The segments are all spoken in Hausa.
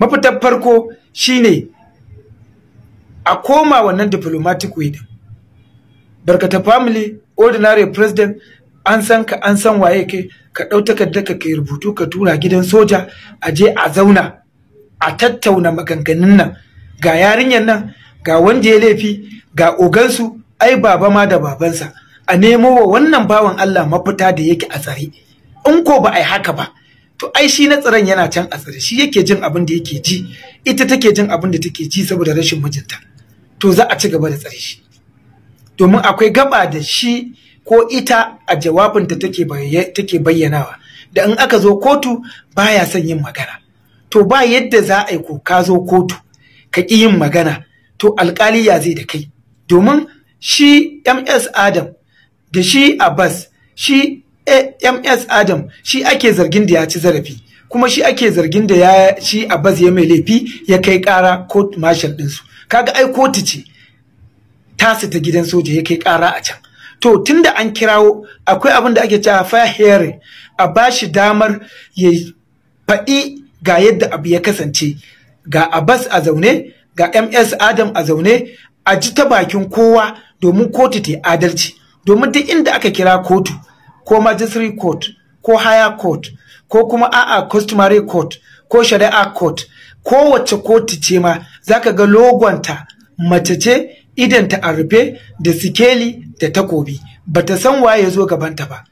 mafitar farko shine a koma wannan diplomatic wedding barkata family ordinary president an san ka an san waye kai ka ɗau takardar ka kai rubutu ka tura gidan soja a je a zauna a tattauna maganganun nan ga yarinyar nan ga wanda ya laifi ga ogansu ai baba ma da babansa a nemo wa wannan bawan Allah mafita da yake a tsare in ko ba ai haka ba to ai shi na tsaron yana can a tsare shi yake jin abin da yake ji ita take jin abin da take ji saboda rashin mijinta to za a ci gaba da tsare shi domin akwai gaba da shi ko ita a jawabinta take bayyanawa da in aka zo kotu baya son yin magana to ba yadda za a yi ko ka zo kotu ka ƙi yin magana to alƙali ya zai da kai domin shi ms adam da shi abbas shi AMS Adam shi ake zargin da ya ci zarafi kuma shi ake zargin da ya shi Abbas ya mai laifi ya kai kara court martial su kaga ai kotu ce tasu ta gidan soja ya kai kara a can to tunda an kirawo akwai abin da ake cewa fair hearing a bashi damar ya faɗi ga yadda abu ya kasance ga Abbas a zaune ga MS Adam a zaune a ji ta bakin kowa domin kotu ta adalci domin duk inda aka kira kotu ko majistri court ko higher court ko kuma a'a customary court ko shari'a court wacce kotu ce ma zaka ga logonta mace ce idanta a rufe da sikeli da takobi bata san waye ya zo gabanta ba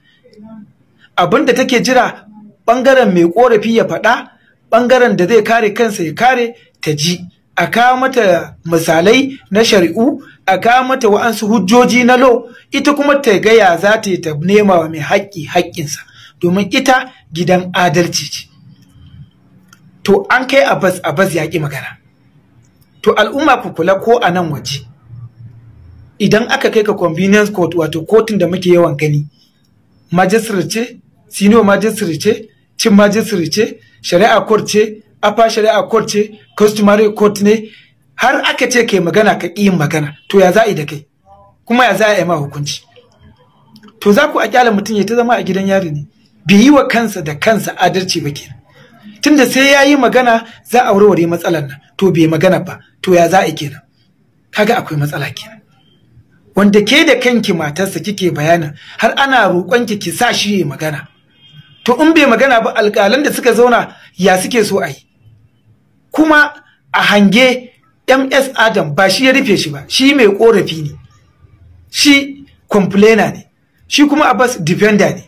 abin da take jira ɓangaren mai korafi ya faɗa ɓangaren da zai kare kansa ya kare ta ji a kawo mata misalai na shari'u a kawo mata wa'ansu hujjoji na lo ita kuma ta gaya za ta yi ta nema wa mai haƙƙi haƙƙinsa domin ita gidan adalci ce to an kai abas a ya ƙi magana to al'umma ku kula ko a nan waje idan aka kai ka convenience court wato kotun da muke yawan gani majistare ce senior majistare ce cin majistare ce shari'a court ce afa shari'a court ce customary court ne har aka ce kai magana ka yin magana to ya za'i da kai kuma ya za'a yi ma hukunci to za ku a kyala mutum ya ta zama a gidan yari ne bai yi wa kansa da kansa adalci ba kenan tunda sai ya yi magana za a warware matsalar nan to bai magana ba to ya za'a kenan kaga akwai matsala kenan wanda ke da kanki matarsa kike bayanin har ana roƙonki ki sa shi ya magana to in bai magana ba alƙalan da suka zauna ya suke so a yi kuma a hange ms adam ba shi ya rufe shi ba shi mai korafi ne shi complainer ne shi kuma a bas defender ne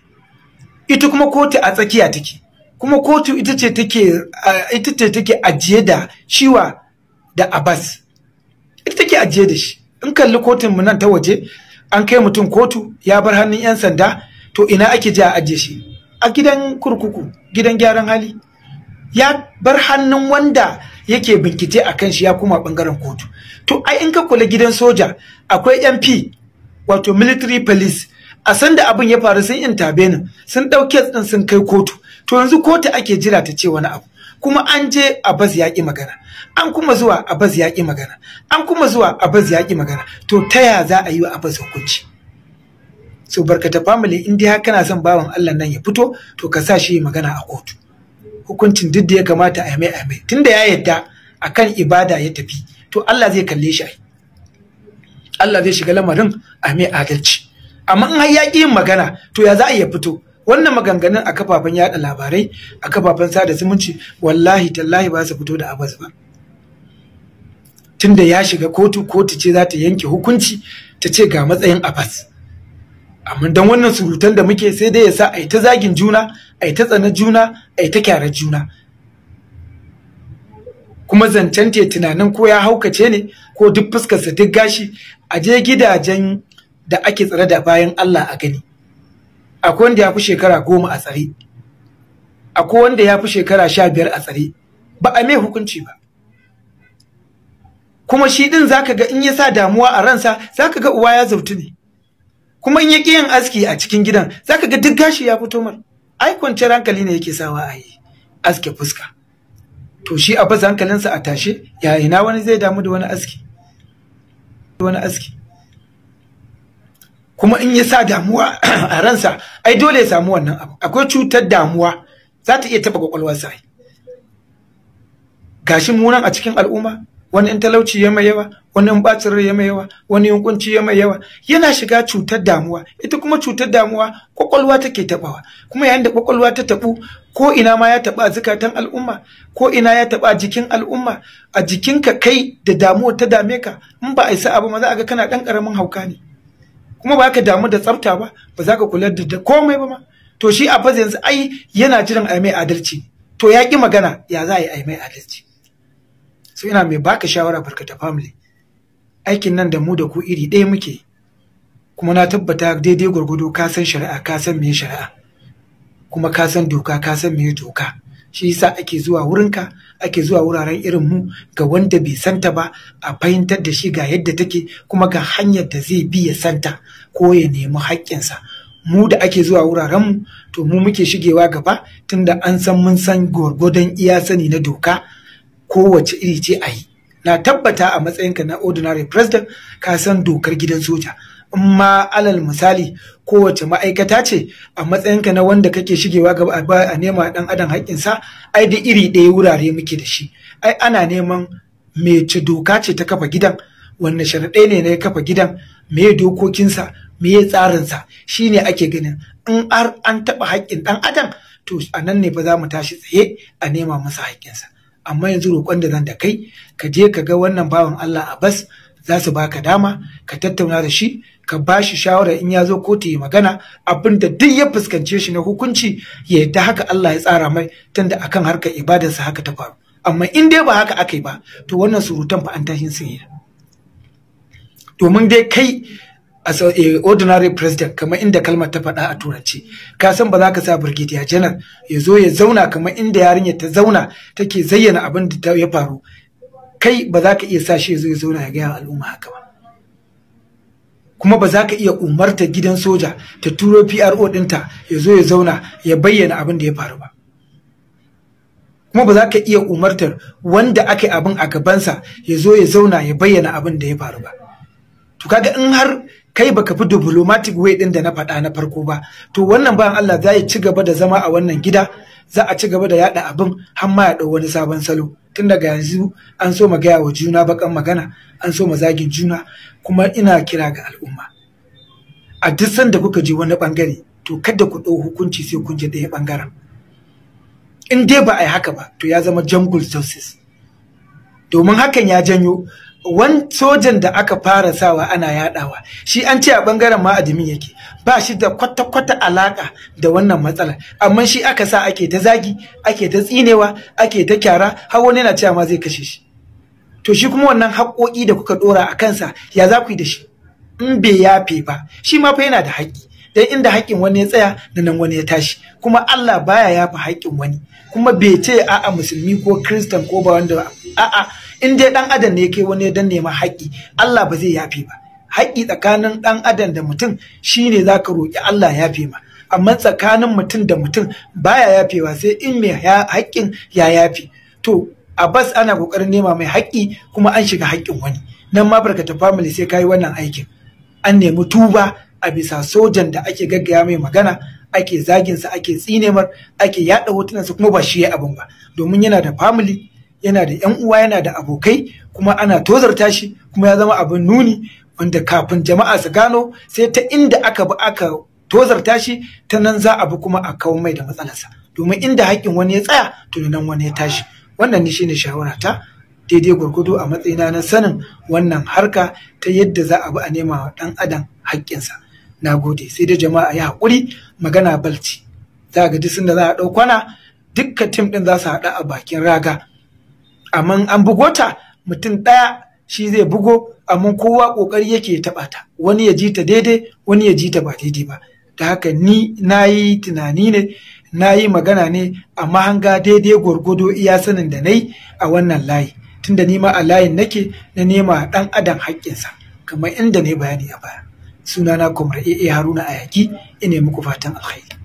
ita kuma kotu a tsakiya take kuma kotu ita ce take eh, ita ajiye da shiwa da abbas ita take ajiye da shi in kalli kotun mu nan ta waje an kai mutum kotu ya bar hannun yan sanda to ina ake ji a ajiye shi a gidan kurkuku gidan gyaran hali ya bar hannun wanda yake binkite a kan shi ya kuma bangaren kotu to ai in ka kula gidan soja akwai MP wato military police a sanda abin ya faru sun intervene sun ɗauke din sun kai kotu to yanzu kotu ake jira ta ce wani abu kuma an je Abbas ya ƙi magana an kuma zuwa Abbas ya ƙi magana an kuma zuwa Abbas ya ƙi magana to ta ya za a yi wa a bas hukunci so barkata family in dai haka kana son bawan Allah nan ya fito to ka sa shi magana a kotu hukuncin duk da ya kamata a mai a mai tunda ya yadda a kan ibada ya tafi to Allah zai kalle shi Allah zai shiga lamarin a mai adalci amma in har ya ƙi yin magana to ya za a iya fito wannan maganganun a kafafen yada labarai a kafafen sada zumunci wallahi tallahi ba su fito da abas ba Tun da ya shiga kotu kotu ce za ta yanke hukunci ta ce ga matsayin abas amma dan wannan surutan da muke sai dai ya sa ai ta zagin juna ai ta tsana juna ai ta kyarar juna kuma zancen te tunanin ko ya haukace ne ko duk fuskarsa duk gashi a je gidajen da ake tsare da bayan Allah a gani akwai wanda ya fi shekara goma a tsare akwai wanda ya fi shekara sha biyar a tsare ba a mai hukunci ba kuma shi din zaka ga in ya sa damuwa a ransa zaka ga uwa ya zautu ne kuma in ya ƙi yin aski a cikin gidan za ka ga duk gashi ya fito mar ai kwanciyar hankali ne yake sawa a yi aske fuska to shi a fasa hankalinsa a tashe ya ina wani zai damu da wani aski wani aski kuma in ya sa damuwa a ransa ai dole ya samu wannan abu akwai cutar damuwa za ta iya taɓa kwakwalwarsa gashi munan a cikin al'umma wani in talauci ya mai yawa wani in bacin rai ya mai yawa wani yunkunci ya mai yawa yana shiga cutar damuwa ita kuma cutar damuwa kwakwalwa take tabawa kuma yayin da kwakwalwa ta tabu ko ina ma ya taba zukatan al'umma ko ina ya taba jikin al'umma a jikinka kai da damuwa ta dame ka in ba a isa abu ma za a ga kana dan karamin hauka ne kuma ba ka damu da tsafta ba ba za ka kula da komai ba ma to shi a yanzu ai yana jiran a mai adalci to ya ki magana ya za a yi a mai adalci so ina mai baka shawara barkata family aikin nan da mu da ku iri ɗaya muke kuma na tabbata daidai gwargwado ka san shari'a ka san me shari'a kuma ka san doka ka san me doka shi yasa ake zuwa wurinka ake zuwa wuraren irin mu ga wanda bai santa ba a fahimtar da shi ga yadda take kuma ga hanyar da zai bi ya santa ko ya nemi haƙƙinsa mu da ake zuwa wuraren mu to mu muke shigewa gaba tunda an san mun san gwargwadon iya sani na doka kowace iri ce a yi na tabbata a matsayinka na ordinary president ka san dokar gidan soja in ma alal misali kowace ma'aikata ce a matsayinka na wanda kake shigewa gaba a nema dan adam haƙƙinsa ai da iri ɗaya wurare muke da shi ai ana neman mece doka ce ta kafa gidan wanne sharaɗai ne na kafa gidan me dokokinsa me tsarinsa shine ake ganin in an taɓa haƙƙin ɗan adam to a nan ne ba za mu tashi tsaye a nema masa haƙƙinsa amma yanzu roƙon da zan da kai ka je ka ga wannan bawan Allah a bas za su baka dama ka tattauna da shi ka ba shi shawara in ya zo ko ta yi magana abin da duk ya fuskance shi na hukunci ya yadda haka Allah ya tsara mai tunda akan harkar ibadarsa haka ta faru amma in dai ba haka aka yi ba to wannan surutan fa an tashin sun yi domin dai kai as a eh, ordinary president kamar inda kalmar ta faɗa a turanci ka san ba za ka sa brigadier general ya zo ya zauna kamar inda yarinyar ta zauna take zayyana abin da ya faru kai ba za ka iya sa shi ya zo ya zauna ya gaya al'umma haka ba kuma ba za ka iya umarta gidan soja ta turo PRO ɗinta ya zo ya zauna ya bayyana abin da ya faru ba. Kuma ba za ka iya umartar wanda aka abin a gabansa ya zo ya zauna ya bayyana abin da ya faru ba. To kaga in har kai baka fi diplomatic way din da na faɗa na farko ba to wannan bayan Allah za ya ci gaba da zama a wannan gida za a ci gaba da yada abin har ma ya ɗau wani sabon salo tun daga yanzu an so gaya wa juna bakan magana an so zagin juna kuma ina kira ga al'umma a duk sanda kuka je wani bangare to kada ku ɗau hukunci sai kun je ɗaya bangaren in dai ba a yi haka ba to ya zama jungle justice domin hakan ya janyo wan sojan da aka fara sawa ana yadawa shi an ce a bangaren ma yake ba shi da kwata-kwata alaka da wannan matsala amma shi aka sa ake ta zagi ake ta tsinewa ake ta kyara har wani yana cewa ma zai kashe shi to shi kuma wannan haƙoƙi da kuka dora a kansa ya za ku yi da shi in bai yafe ba shi ma fa yana da haƙƙi dan inda haƙƙin wani ya tsaya da nan wani ya tashi kuma Allah baya yafe haƙƙin wani kuma bai ce a'a musulmi ko kristan ko ba wanda a'a in dai dan adam ne kai wani dan neman haƙƙi Allah ba zai yafe ba haƙƙi tsakanin dan adam da mutum shine zaka roƙi Allah yafe ma amma tsakanin mutum da mutum baya yafewa sai in mai haƙƙin ya yafe to a bas ana kokarin nema mai haƙƙi kuma an shiga haƙƙin wani nan ma barkata family sai kai wannan aikin an nemi tuba a bisa sojan da ake gaggaya mai magana ake zaginsa ake tsinemar ake yada sa kuma ba shi ya abin ba domin yana da family yana da yan uwa yana da abokai kuma ana tozarta shi kuma ya zama abin nuni wanda kafin jama'a su gano sai ta inda aka bi aka tozarta shi ta nan za a bi kuma a kawo mai da matsalarsa domin inda haƙƙin wani ya tsaya to nan wani ya tashi wannan ne shine shawara ta daidai gwargwado a matsayina na sanin wannan harka ta yadda za a bi a nema wa ɗan adam haƙƙinsa na gode sai da jama'a ya haƙuri magana balci za ga duk da za a ɗau kwana dukkan tim ɗin za su haɗu a bakin raga amma an bugo ta mutum ɗaya shi zai bugo amma kowa ƙoƙari yake taɓa ta wani ya ji ta daidai wani ya ji ta ba daidai ba da haka ni na yi tunani ne na yi magana ne amma hanga daidai gwargwado iya sanin da na yi a wannan layi tunda nima a layin nake na nema ɗan adam haƙƙinsa kamar inda ne bayani a baya sunana kwamar AA haruna a yaƙi ina muku fatan alkhairi